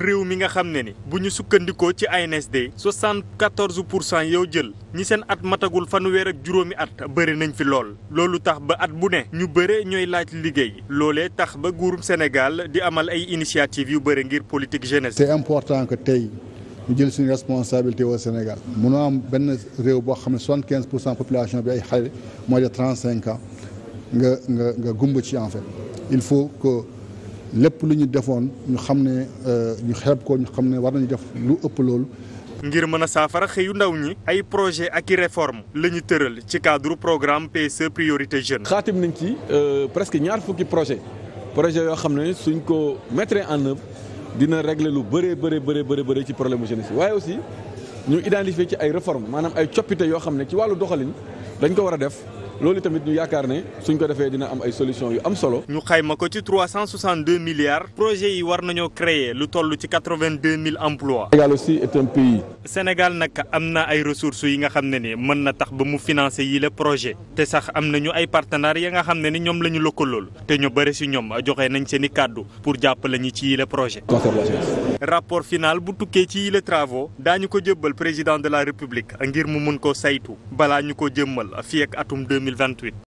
réew mi nga xam ne ni bu ñu sukkandikoo ci ANSD 74 pour cent yow jël ñi seen at matagul fanweer ak juróomi at bëri nañ fi lool loolu tax ba at bu ne ñu bëre ñooy laaj liggéey loolee tax ba nguurum Sénégal di amal ay initiative yu bëri ngir politique jeunesse. c'est important que tey ñu jël suñu responsabilité au Sénégal munoo am benn réew boo xam ne 75 pour cent population bi ay xale mooy de cinq ans nga nga nga gumba ci en lépp lu ñu defoon ñu xam ne euh, ñu xeeb ko ñu xam ne war nañu def lu ëpp loolu. ngir mën a saafara xëyu ndaw ñi. ay projet ak i réforme la ñu tëral ci cadre programme PSE priorité jeune. xaatim nañ ci euh, presque ñaar fukki projet projet yoo xam ne suñ ko mettre en œuvre dina régler lu bëree bëree bëree bëri ci problème mu si waaye aussi ñu identifier ci ay réforme maanaam ay coppite yoo xam ne ci wàllu doxalin dañ ko war a def. loolu tamit ñu yaakaar ne suñ ko defee dina am ay solution yu am solo. ñu xayma ko ci trois cent soixante deux milliards. projet yi war nañoo créer lu toll ci quatre vingt mille emplois. Sénégal aussi est un Sénégal nag am na ay ressources yi nga xam ne ni mën na tax ba mu financer yile projet te sax am nañu ay partenaires ya nga xam ne ni ñoom la ñu lëkkalool te ñu bëri si ñoom joxe nañ seen i kàddu pour jàppale ñi ci yi la projet. rapport final bu tukkee ci yi la daa ñu ko jëbbal président de la république ngir mu mun koo saytu balaa ñu ko jëmmal fii 2028